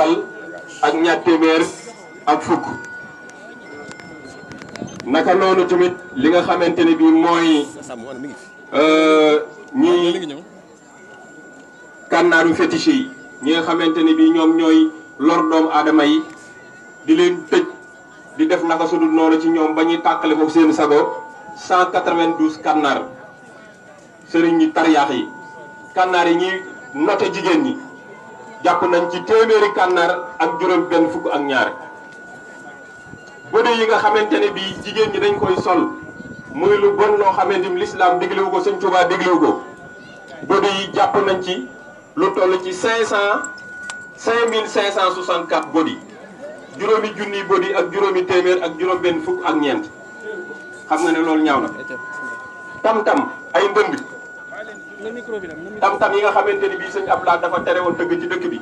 fal ak ñaar téeméer ak fukk naka noonu tamit li nga xamante ne bii mooy euh, ñi kànnaaru fétiche yi ñi nga xamante ne bii ñoom ñooy lor doomu aadama yi di leen tëj di def naka su dul noonu ci ñoom ba ñuy tàkkale foofu seen sago 192 kànnaar sëriñ ñi tariyaax yi kànnaar yi ñuy noté jigéen ñi jàpp nañ ci téeméeri kànnaar ak juróom benn fukk ak ñaar bëre yi nga xamante ne bii jigéen ñi dañ koy sol muy lu bon loo xamante ni lislaam déglewu ko sëñ Tuubaa déglewu ko bëre yi jàpp nañ ci lu toll ci cinq cent cinq mille cinq cent soixante quatre bëri juróomi junniy bëri ak juróomi téeméer ak juróom benn fukk ak ñeent xas na ne loolu ñaaw na tam tam ay ndënd tam-tam yi nga xamante ni bii sëñ Abdoulaye dafa tere woon dëgg ci dëkk bi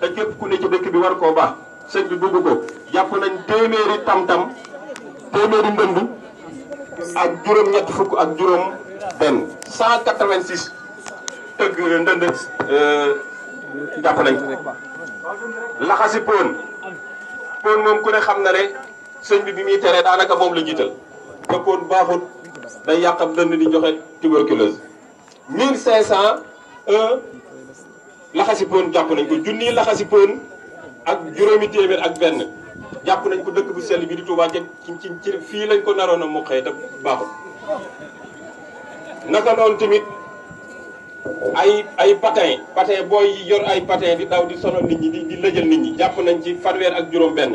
te képp ku ne ci dëkk bi war koo baax sëñ bi bugg ko jàpp nañ téeméeri tam-tam téeméeri ndënd ak juróom-ñett fukk ak juróom benn 186 tëgg ndënd euh, jàpp nañ laxasi pon pon moom ku ne xam na ne sëñ bi bi muy tere daanaka moom la jiita te pon baaxut day yàqam dënd di joxe tuberculose 1501 laxasi poon jàpp nañ ko junniy laxasi poon ak juróomi téeméer ak benn jàpp nañ ko dëkk bu sell bi di Touba ci ci fii lañ ko naroon a mu xëy te baaxul. naka noonu tamit ay ay patin patin booy yor ay patin di daw di sonal nit ñi di lëjal nit ñi jàpp nañ ci far fanweer ak juróom-benn.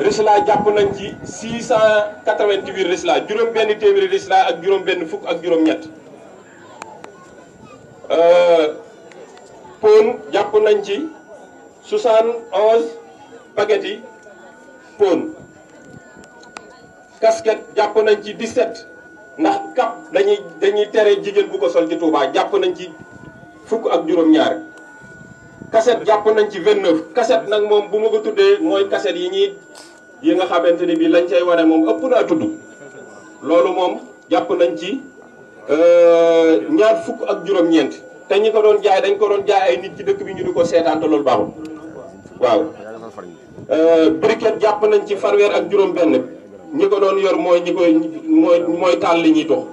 Risla jàpp nañ ci 688 Risla juróom-benn téeméeri Risla ak juróom-benn fukk ak juróom-ñett. Euh, pon jàpp nañ ci soixante onze paquets yi pon casquette jàpp nañ ci 17 ndax cap dañuy dañuy tere jigéen bu ko sol ci Touba jàpp nañ ci fukk ak juróom-ñaar cassette jàpp nañ ci 29 cassette nag moom bu ma ko tuddee mooy cassette yi ñuy yi nga xamante ni bii lañ cay wane moom ëpp naa tudd loolu moom jàpp nañ ci. Euh, ñaar fukk ak juróom-ñeent te ñi ko doon jaay dañ ko doon jaay ay nit ci dëkk bi ñu di ko seetaan te loolu baaxul waaw. Euh, briquet jàpp nañ ci farweer ak juróom-benn ñi ko doon yor mooy ñi koy mooy taal li ñuy tox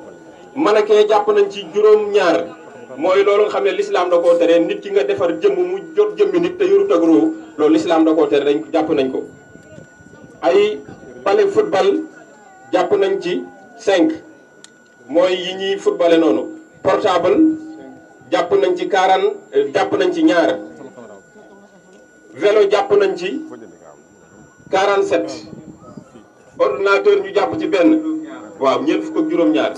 manakee jàpp nañ ci juróom-ñaar mooy loolu xam ne lislaam da koo tere nit ki nga defar jëmm mu jot jëmmi nit te yorut ak loolu lislaam da koo tere jàpp nañ ko. ay bale football jàpp nañ ci cinq mooy yi ñuy footballé noonu portable jàpp nañ ci quarante jàpp nañ ci ñaar vélo jàpp nañ ci 47 ordinateur ñu jàpp ci benn waaw ñeent fukk ak juróom-ñaar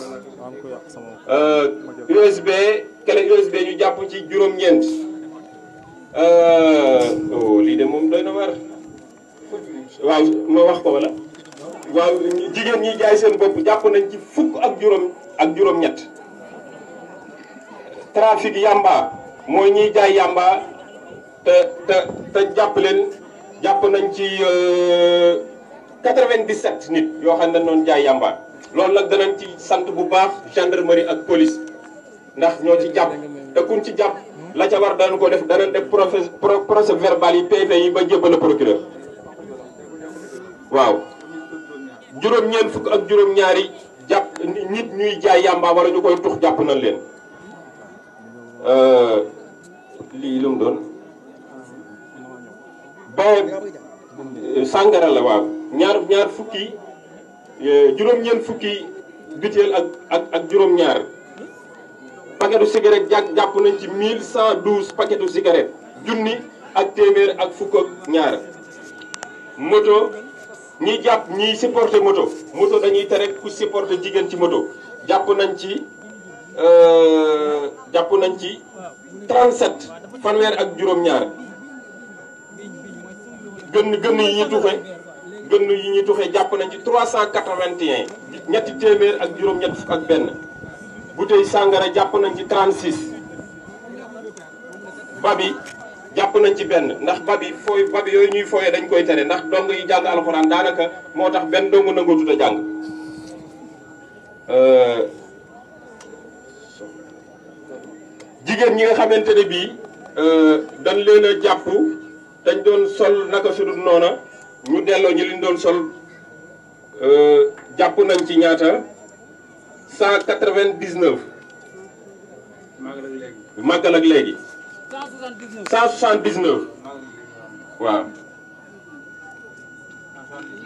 USB euh, clé USB ñu jàpp ci juróom-ñeent euh, oh lii de moom doy na waar waaw ma wax ko wala. waaw jigéen ñi jaay seen bopp jàpp nañ ci fukk ak juróom ak juróom-ñett trafic yamba mooy ñiy jaay yamba te te te jàpp leen jàpp nañ ci 97 euh, nit yoo xam ne noonu jaay yamba loolu nag danañ ci sant bu baax gendarmerie ak police ndax ñoo ci jàpp te kuñ ci jàpp la ca war danañ ko def danañ def procès procès verbal yi PV yi ba a procureur waaw juróom-ñeent fukk ak juróom-ñaari jàpp nit ñuy jaay yàmba wala ñu koy tux jàpp nañ leen. Euh, lii doon ba euh, sàngara la waaw ñaar ñaar fukki euh, juróom-ñeent fukki butéel ak juróom-ñaar. paquetu cigarette jàpp nañ ci 1112 paquetu cigarette junni ak téeméer ak fukk ak ñaar moto. ñi jàpp ñiy supporter moto moto dañuy tere ku supporter jigéen ci moto jàpp nañ ci euh, jàpp nañ ci 37 fanweer ak juróom-ñaar gën gën yi ñuy tuxe gën yi ñuy tuxe jàpp nañ ci 381 ñetti téeméer ak juróom-ñett ak benn bouteille sàngara jàpp nañ ci 36 babi jàpp nañ ci benn ndax bab yi fooy bab yooyu ñuy fooyee dañ koy tere ndax dong yi jàng alxuraan daanaka moo tax benn dong nangootu a jàng euh, jigéen ñi nga xamante ne bii euh, dañ leen a jàpp dañ doon sol naka sudut noona ñu delloo ñu liñ doon sol euh, jàpp nañ ci ñaata cent quatre-vingt-dix-neuf màggal ak léegi 179 waaw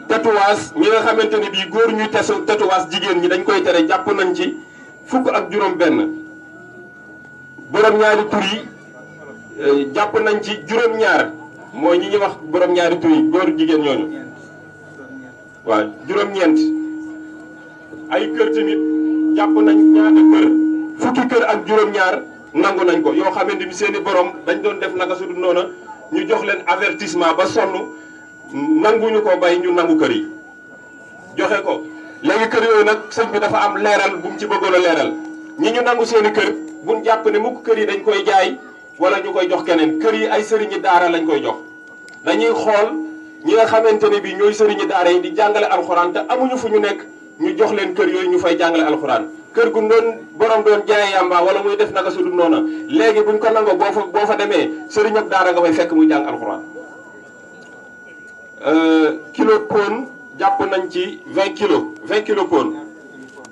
tatouage ñi nga xamante ne bii góor ñuy tesu tatouage jigéen ñi dañ koy tere jàpp nañ ci fukk ak juróom benn borom ñaari tur eh, jàpp nañ ci juróom ñaar mooy ñi ñuy wax borom ñaari tur yi góor jigéen ñooñu waaw juróom-ñeent ay kër tamit jàpp nañ ñaata kër fukki kër ak juróom-ñaar nangu nañ ko yoo xamante ni seen i borom dañ doon def naka su dul ñu jox leen avertissement ba sonn nanguñu ko bay ñu nangu kër yi joxe ko léegi kër nag sëñ bi dafa am leeral bu mu ci a leeral ñi ñu nangu seen i jàpp ne mukk kër yi dañ koy jaay wala ñu koy jox keneen kër yi ay sëriñi daara lañ koy jox dañuy xool ñi nga xamante ne bi ñooy sëriñi daara yi di jàngale alxuraan te amuñu fu ñu nekk ñu jox leen kër yooyu ñu fay jàngale alxuraan kër gu doon borom doon jaay yàmba wala muy def naka su dul noona léegi buñ ko nangoo boo fa boo fa demee sëriñ ak daara nga fay fekk muy jàng alxuraan. Euh, kilo pon jàpp nañ ci vingt kilo 20 kilos pon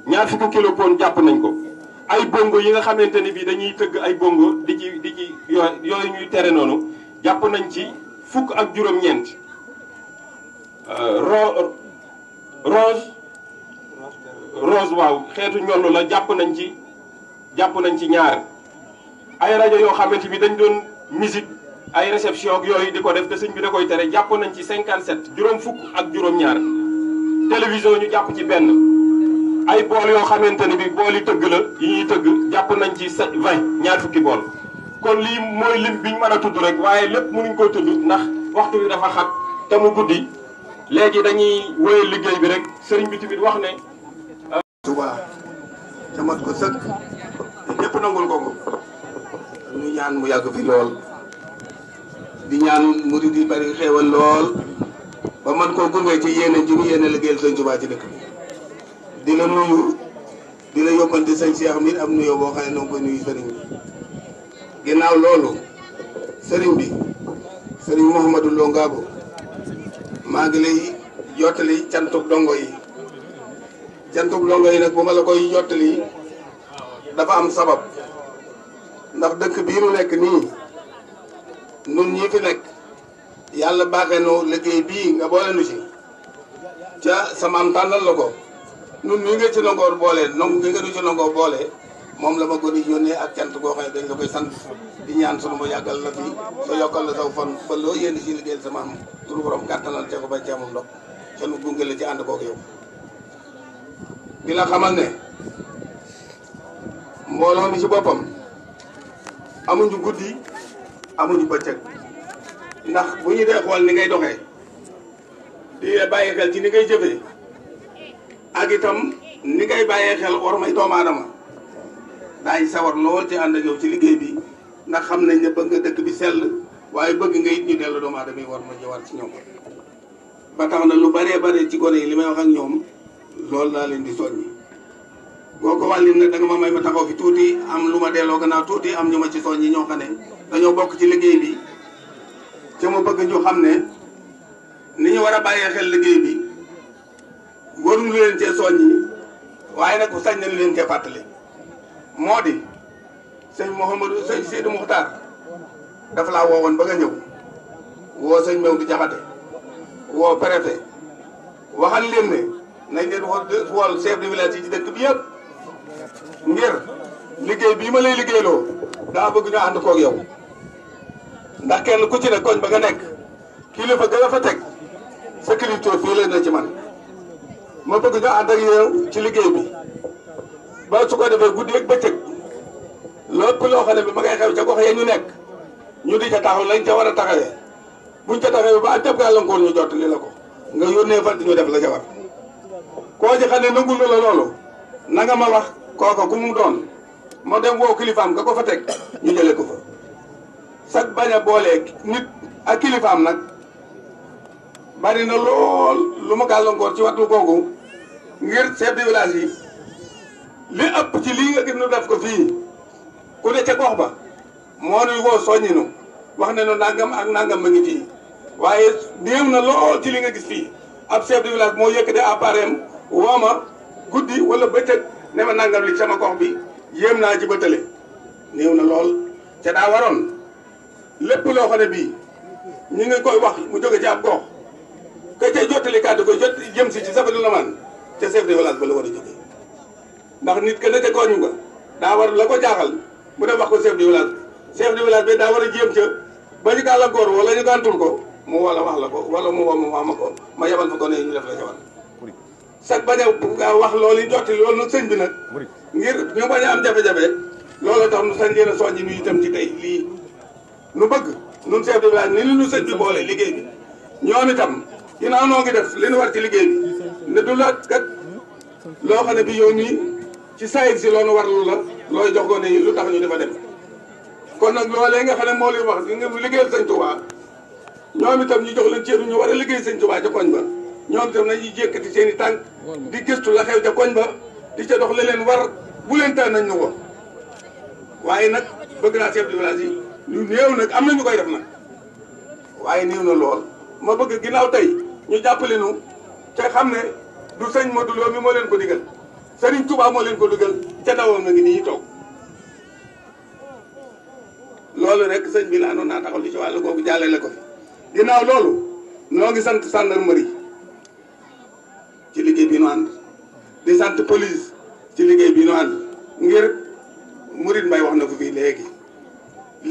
ñaar fukk kilo pon jàpp nañ ko. ay bongo yi nga xamante ni bii dañuy tëgg ay bongo di ci di ci yooyu ñuy tere noonu jàpp nañ ci fukk ak juróom-ñeent. Euh, rose. rose waaw xeetu ñollu la jàpp nañ ci jàpp nañ ci ñaar ay rajo yoo xamante bi dañ doon musique ay réception yooyu di ko def te sëñ bi da koy tere jàpp nañ ci 57 juróom fukk ak juróom-ñaar télévision ñu jàpp ci benn ay bool yoo xamante ne bi bool yi tëgg la yi tëgg jàpp nañ ci 20 ñaar fukki bool kon lii mooy lim bi ñu mën a tudd rek waaye lépp mënuñ ko tudd ndax waxtu wi dafa xat te mu guddi léegi dañuy wéyal liggéey bi rek sëriñ bi tamit wax ne Touba ca mat ko sëkk ñëpp nangul ko ko ñu ñaan mu yàgg fi lool di ñaan murid yi bari xéewal lool ba mën koo gunge ci yéene ji mu yéene liggéeyal sëñ Touba ci dëkk bi di la nuyu di la yóbbante sëñ Cheikh am nuyoo boo xam ne noo nuyu sëriñ bi ginnaaw loolu sëriñ bi sëriñ Mouhamadou Lo Ngabo maa ngi lay jottali cantuk dongo yi jantuk ndongo yi nag bu ma la koy jottali dafa am sabab ndax dëkk bii mu nekk nii nun ñi fi nekk yàlla baaxee nu liggéey bii nga boole nu si ca samaam tànnal la ko nun ñi nga ci nongoor boole nong ngi nga du ci nongoor boole moom la ma gën a yónnee ak cant boo xam ne dañ la koy sant di ñaan sunu ma yàggal na fi sa yokkal la saw fan ba loo yéen ci liggéeyal samaam turu borom kàttanal te ko ba ceemam ndox ca nu gunge la ci ànd kook yow dina xamal ne mbooloo mi ci boppam amuñu guddi amuñu bëccëg ndax bu ñu dee xool ni ngay doxee di la bàyyi xel ci ni ngay jëfee ak itam ni ngay bàyyee xel war may doomu aadama daañu sawar lool ci ànd yow ci liggéey bi ndax xam nañ ne bëgg nga dëkk bi sell waaye bëgg nga it ñu dellu doomu aadama yi war ma ñëwaat ci ñoom ba na lu baree bare ci gone yi li may wax ak ñoom. loolu laa leen di soññi boo ko wàllin nag da nga ma may ma taxaw fi tuuti am lu ma delloo a tuuti am ñu ma ci soññi ñoo xam ne dañoo bokk ci liggéey bi te ma bëgg ñu xam ne ni ñu war a bàyyee xel liggéey bi waruñu leen cee yi waaye nag sañ nañu leen cee fàttali moo di sëñ Mouhamadou sëñ Seydou Moukhtar dafa laa woowoon ba nga ñëw woo sëñ Mewdu Jaxate woo préfet waxal leen ne nañ leen xool chef de village yi ci dëkk bi yëpp ngir liggéey bii ma lay liggéeyloo daa bëgg ñu ànd koog yow ndax kenn ku ci ne koñ ba nga nekk kilifa gën a fa teg sa kilifteef fii leen na ci man ma bëgg ñu ànd ak yow ci liggéey bi ba su ko defee guddi ak bëccëg lépp loo xam ne bi ma ngay xew ca gox ya ñu nekk ñu di ca taxaw lañ ca a taxawee buñ ca taxawee ba ak jëpp gàllankoor ñu jot li la ko nga yónnee fan ñu def la ca koo ji xam na la loolu na nga ma wax kooka ku mu doon ma dem woo kilifaam nga ko fa teg ñu jëlee ko fa sag bañ a boolee nit ak kilifaam nag bari na lool lu ma gàllankoor ci wattu googu ngir chef de village yi li ëpp ci lii nga gis nu def ko fii ku ne ca gox ba moo nuy woo soññinu wax ne nu nangam ak nangam ma ngi fii waaye néew na lool ci li nga gis fii ab chef moo village moo yëkkati appareil woo guddi wala bëccëg ne ma nàngam li sama gox bi yéem naa ci ba tële néew na lool ca daa waroon lépp loo xam ne bii ñu ngi koy wax mu jóge ci ab gox ka ca jottali kàddu koy jot jëm si ci safari lamaan man ca chef de village ba la war a jóge ndax nit ke ne ca ñu nga daa war la ko jaaxal mu ne wax ko chef de village bi chef de village bi daa war a jéem ca ba ñu gàllankoor wala ñu gàntul ko mu wala wax la ko wala mu woo ma ma ko ma yebal fa sax ba nga wax loolu yi jotti loolu sëñ bi nag ngir ñu bañ a am jafe-jafe loolu la tax nu sañ leen a soññi nu itam ci tey lii nu bëgg nun chef de village ni li nu sëñ bi boole liggéey bi ñoom itam ginnaaw noo ngi def li nu war ci liggéey bi ne du la kat loo xam ne bi yow nii ci sayit si loolu war la looy jox ko ne lu tax ñu dafa dem kon nag loolee nga xam ne moo leen wax nga liggéeyal sëñ Tuubaa ñoom itam ñu jox leen cër ñu war a liggéey sëñ Tuubaa ca koñ ba ñoom itam nañuy jékkati seen i tànk di gëstu la xew ca koñ ba di ca dox la leen war bu leen taal nañ ñu ko waaye nag bëgg naa chef de village yi lu néew nag am na ñu koy def nag waaye néew na lool ma bëgg ginnaaw tey ñu jàppale nu te xam ne du señ Modou du mi moo leen ko digal Serigne Touba moo leen ko digal ca dawam na ngi nii toog loolu rek sëñ bi laa noon naa taxaw li ci wàllu googu jàllale ko fi ginnaaw loolu noo ngi sant gendarmerie police ci liggéey bi ñu ànd ngir Mouride Mbaye wax na ko fii léegi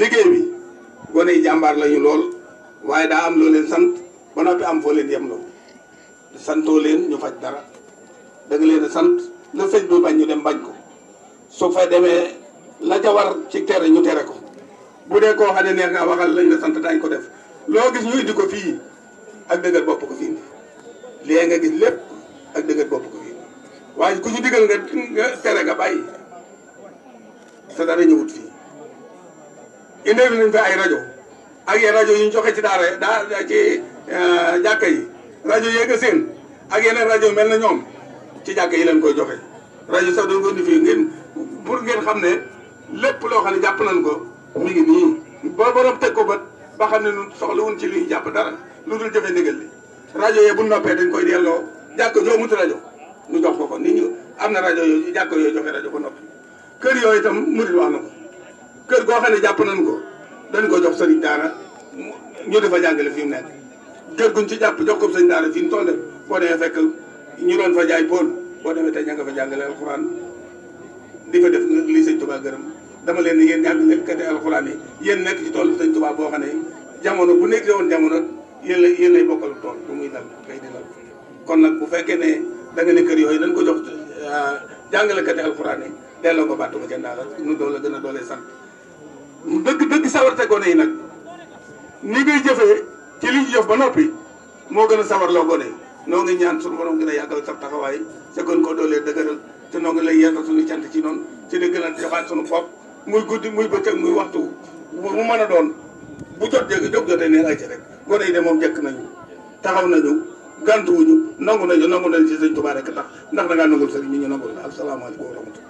liggéey bi gone yi jàmbaar lañu lool waaye daa am loo leen sant ba noppi am foo leen yem yemloo santoo leen ñu faj dara da leen sant la sëñ bi bañ ñu dem bañ ko su fa demee la ca war ci tere ñu tere ko bu dee koo xam ne neex nga waxal lañ la sant daañ ko def loo gis ñu indi ko fii ak dëgër bopp ko fii indi nga gis lépp ak dëgër bopp ko waaye ku ñu diggal nga sere tere nga bàyyi te dara ñëwut fii indi nañ fi ay rajo ak yenn rajo yu ñu joxe ci daara daa ci euh, jàkka yi rajo yeeg seen ak yeneen rajo mel na ñoom ci jàkka yi lañ koy joxe rajo sax doon ko indi fii ngeen pour ngeen xam ne lépp loo xam ne jàpp nañ ko mi ngi nii boo borom teg ko bët ba xam ne ñun soxlawuñ ci li jàpp dara lu dul jëfe ndigal li rajo yee bu noppee dañ koy delloo jàkk joo mutu rajo ñu jox ko na rajo yooyu jàkko yooyu joxe rajo ba noppi kër yooyu itam murid wax na ko goo xam ne jàpp nañ ko dañ ko jox sëriñ daara ñu dafa jàngale fi mu nekk ci jàpp jox ko sëriñ daara fi mu toll boo demee fekk ñu doon fa jaay poon boo demee tey ña fa fa jàngale alxuraan di fa def lii sëñ Tuubaa gërëm dama leen ne yéen jàngalekati alxuraan yi yéen nekk ci toolu sëñ Tuubaa boo xam ne jamono bu nekkee woon jamono yéen la yéen lay bokkal tool bu muy dal kay di dal kon nag bu fekkee ne da nga ne kër yooyu dañ ko jox Euh, jàngalekati alxuraan yi delloo ko bàtt ba ca ndaala nu doole gën a doole sant dëgg dëgg sawarte gone yi nag ni ngay jëfee ci li ñu jëf ba noppi moo gën a sawarloo gone yi noo ngi ñaan suñu borom gën a yàggal sa taxawaay sa gën ko doolee dëgëral te noo ngi lay yeesal suñu cant ci noonu ci di gën a joxaat suñu bopp muy guddi muy bëccëg muy waxtu bu mu mën a doon bu jot jëg jóg jotee ne ay rek gone yi de moom jëkk nañu taxaw nañu gàntuwuñu nangu nañu nangu nañu ci sëñ Tuubaa rek tax ndax da ngaa nangul sëriñ ñi ñu nangul la asalaamaaleykum wa rahmatulah.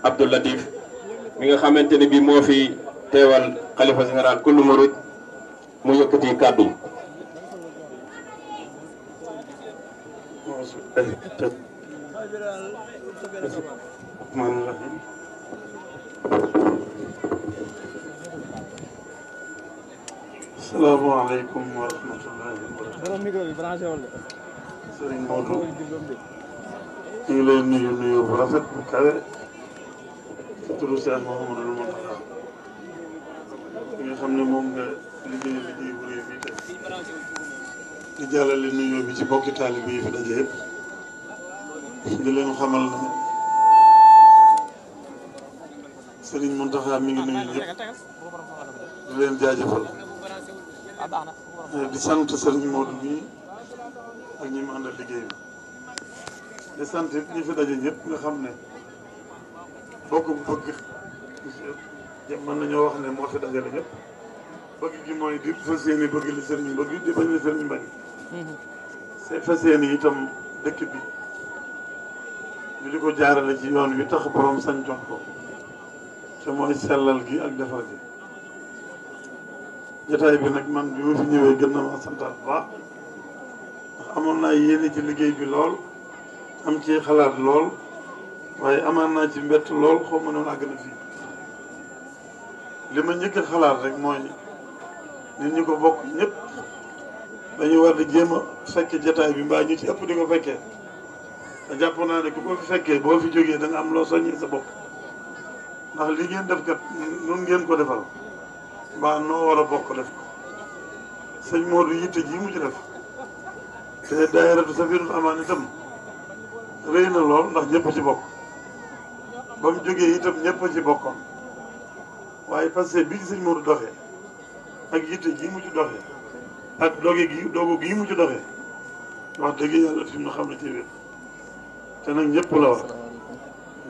Abdoul Latif mi nga xamante ne bii moo fi teewal xalifa général kullu murid mu yëkkati kàddu salaamaaleykum wa rahmatullahi wa barakaatu sëriñ Modou lay ci turu Cheikh Mouhamadul Mountakha mi nga xam ne moom nga liggéey liggéey bu réy bii tey di jàllale nuyoo bi ci bokki taalibe yi fi daje yëpp di leen xamal ne Serigne Mountakha mi ngi nuyu ñëpp di leen jaajëfal di sant Serigne Modou mii ak ñi mu àndal liggéey bi di sant it fi daje ñëpp nga xam ne bokk bëgg mën nañoo wax ne moo fi dajale ñëpp bëgg gi mooy di fas yéene bëgg li sëriñ bëgg di bañ li sëriñ bañ c'est mm-hmm. fas yéene itam dëkk bi ñu di ko jaarale ci yoon yu tax borom sañ jox ko te mooy sellal gi ak defar gi jotaay bi nag man bi ma fi ñëwee gën na ma santaat bu baax ndax amoon naa yéene ci liggéey bi lool am ci xalaat lool waaye amaan naa ci mbett lool xaw ma noonu àgg na fii li ma njëkk a xalaat rek mooy nit ñi ko bokk ñépp dañu war di jéem a fekke jataay bi mbaa ñu ci ëpp di ko fekkee te jàpp naa ne ko fi fekkee boo fi jógee da nga am loo soññee sa bopp ndax li ngeen def kat nun ngeen ko defal mbaa noo war a bokk def ko sëñ Modou yitte ji mu ci def te daayiratu Safinatul Amaan itam rëy na lool ndax ñëpp ci bokk ba mu jógee itam ñëpp ci bokkoon waaye parce que bi sëñ Modou doxee ak yitte gii mu ci doxee ak doge gi dogo gi mu ci doxee wax yàlla fi mu xam ne ci wér te nag ñëpp la wax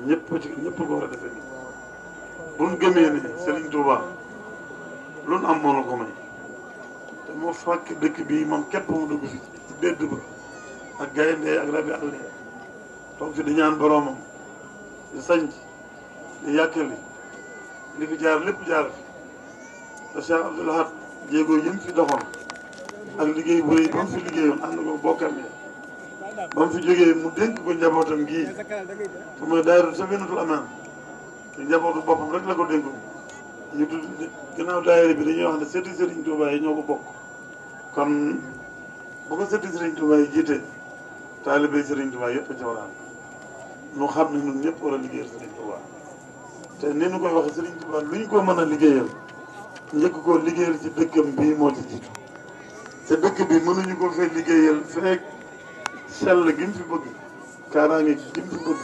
ñëpp ci ñëpp ko war a defee nii bu nu gëmee ne Serigne Touba lu nu am moo la ko te moo fàkk dëkk bi moom képp mu dugg ci dédd ba ak gaynde ak rabi àll toog fi di ñaan boroomam di sanc di yàkkali li fi jaar lépp jaar fi te Cheikh Abdoul Ahad jéego mu fi doxoon ak liggéey bu rëy ba mu fi liggéeyoon ànd ko bokkam ba mu fi jógee mu dénk ko njabootam gii te mooy daayira Safinatul Amaan te njabootu bi dañuy wax ne sëti Sëriñ Tuubaa yi ñoo ko bokk kon bu ko sëti Sëriñ Tuubaa yi jiite taalibe Sëriñ Tuubaa yëpp a nu xam ne ñun ñëpp war a liggéeyal Serigne Touba te ni ñu koy waxee lu ñu ko mën a liggéeyal njëkk koo liggéeyal ci dëkkam bii moo ci jiitu te dëkk bi mënuñu ko fee liggéeyal feek sell gi mu fi bëgg kaaraange gi mu fi bëgg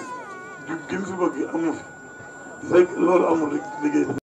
gi mu fi bëgg amu loolu amul liggéey